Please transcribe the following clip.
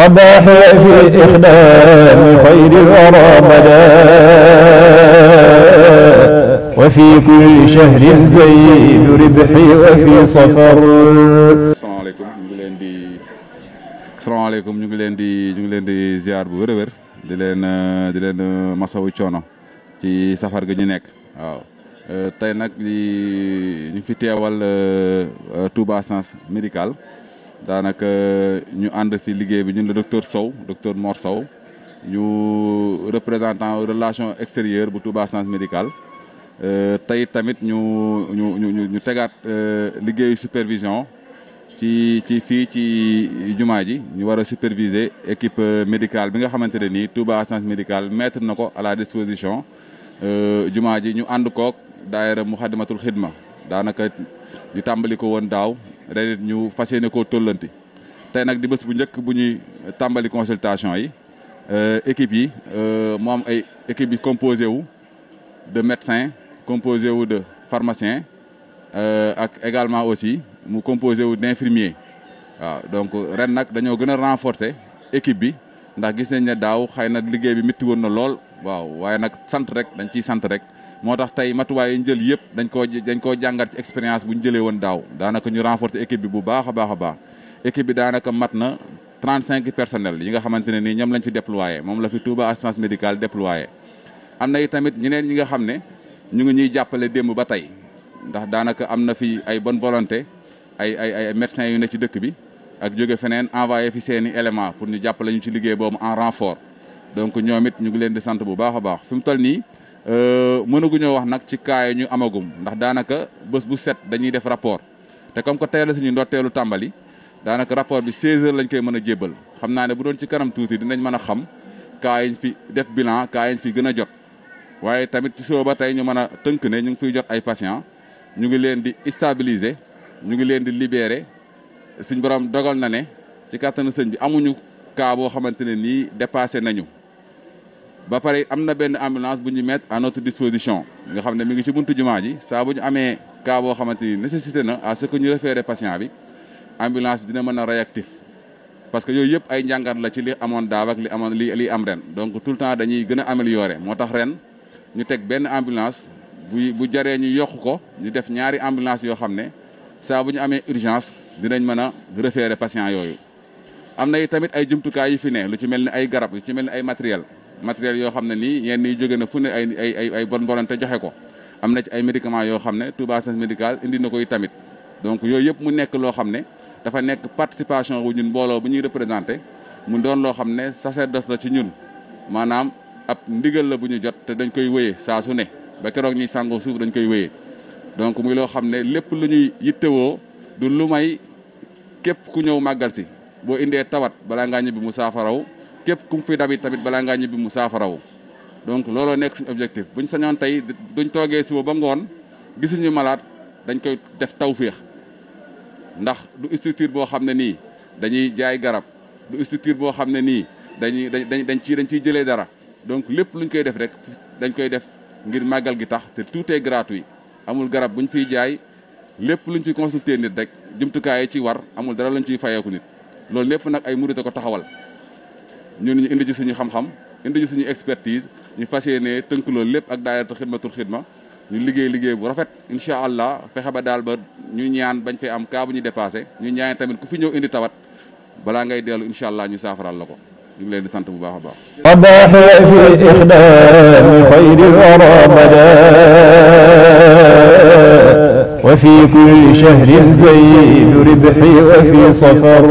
وضاحي في إخدام خير الورى بدا وفي كل شهر زيد ربحي وفي سفر asalaamaaleykum ñu ngi leen di ñu ngi leen di ñu bu wér a di leen di leen masawu coono ci safar gi ñu nekk waaw euh, nag di ñu fi teewal euh, Touba Sens médical daanaka ñu ànd fi liggéey bi ñun la docteur Sow docteur Mor Sow ñu représentant relation extérieure bu Touba Science Médicale euh, tey tamit ñu ñu ñu ñu tegaat euh, liggéeyu supervision ci ci fii ci jumaa ji ñu war a superviser équipe euh, médicale bi nga xamante ne nii Touba Science médical mettre na ko à la disposition jumaa ji ñu ànd kook daayira Muxaddamatul Xidma daanaka ñu tàmbali ko woon daaw ren ñu fas yéene koo tollanti tey nag di bés bu njëkk bu ñuy tàmbali consultation yi euh, équipe yi euh, mu am ay équipe yi composé wu de médecins composé wu de pharmaciens euh, ak également aussi mu composé wu d'infirmiers waaw donc ren nag dañoo gën a renforcer équipe bi ndax gis nañ ne daaw xëy na liggéey bi métti woon na lool waaw waaye nag sant rek dañ ciy sant rek. moo tax tey matuwaay yi ñu jël yëpp dañ koo dañ koo jàngat ci expérience bu ñu jëlee woon daaw daanaka ñu renforcer équipe bi bu baax a baax a baax équipe bi daanaka mat na cinq personnel yi nga xamante ne nii ñoom lañ fi déployé moom la fi Touba assistance médicale déployé. am na tamit ñeneen ñi nga xam ne ñu ngi ñuy jàppale démb ba tey ndax daanaka am na fi ay bonne volonté ay ay ay médecins yu ne ci dëkk bi ak jóge feneen envoyé fi seen i pour ñu jàppale ñu ci liggéey boobu en renfort donc ñoom ñu ngi leen di sant bu baax a baax fi toll nii. Euh, mënaguñoo wax nag ci cas yi ñu amagum ndax daanaka bés bu set dañuy def rapport te comme que tey la suñu ndorteelu tàmbali daanaka rapport bi 16 heures lañ koy mën a jébbal xam naa ne bu doon ci kanam tuuti dinañ mën a xam cas yi ñu fi def bilan cas yi ñu fi gën a jot. waaye tamit ci suba ba tey ñu mën a tënk ne ñu ngi fiy jot ay patients ñu ngi leen di stabiliser ñu ngi leen di libérer suñ borom dogal na ne ci kattanu sëñ bi amuñu kaa boo xamante ne nii dépassé nañu. ba pare am na benn ambulance bu ñu mettre à notre disposition nga xam ne mi ngi ci buntu jumaa ji saa bu ñu amee cas boo xamante ni nécessité na à ce ñu référé patient bi ambulance bi dina mën a réactif parce que yooyu yëpp ay njàngat la ci li amoon daaw li amoon li li am ren donc le temps dañuy gën a améliorer moo tax ren ñu teg benn ambulance bu bu jaree ñu yokk ko ñu def ñaari ambulance yoo xam ne saa bu ñu amee urgence dinañ mën a référer patient yooyu am na tamit ay jumtukaay yu fi ne lu ci mel ni ay garab lu ci mel ni ay matériel matériel yoo xam ne nii yenn ni jóge na fu ne ay ay ay bon bonante joxe ko am na ci ay médicaments yoo xam ne Touba Centre médical indi na koy tamit donc yooyu yëpp mu nekk loo xam ne dafa nekk participation wu ñun mbooloo bu ñuy représenté mu doon loo xam ne sacerdoce sa ci ñun maanaam ab ndigal la bu ñu jot te dañ koy wéyee saa su ne ba keroog ñuy sàngoo suuf dañ koy wéyee donc muy loo xam ne lépp lu ñuy yittewoo du lu may képp ku ñëw màggal si boo indee tawat balaa ngaa ñibbi mu saafaraw képp ku mu fi dab tamit balaa ngaa ñibbi mu saafarawu donc looloo nekk suñu objectif bu ñu sañoon tey duñ toogee suba ba ngoon gisuñu malaat dañ koy def tawféex ndax du structure boo xam ne nii dañuy jaay garab du structure boo xam ne nii dañuy dañ dañ ciy dañ ciy jëlee dara donc lépp luñ koy def rek dañ koy def ngir màggal gi tax te tout est yi amul garab buñ ñu fiy jaay lépp luñ fi consulter nit rek jumtukaay yi ci war amul dara luñ ciy fayeeku nit loolu lépp nag ay murit a ko taxawal ñun ñu indi ci suñu xam-xam indi ci suñu expertise ñu fas yéene tënk loolu lépp ak daayiratu xidmatul xidma ñu liggéey liggéey bu rafet incha allah fexe ba daal ba ñu ñaan bañ fay am kaa bu ñu dépassé ñu ñaan tamit ku fi ñëw indi tawat balaa ngay dellu incha allah ñu saafaral la ko ñu ngi leen di sant bu baax a baax abaxya fi ixdami xayril wara bada wa fi kulli shahrin zayd ribxi wa fi safar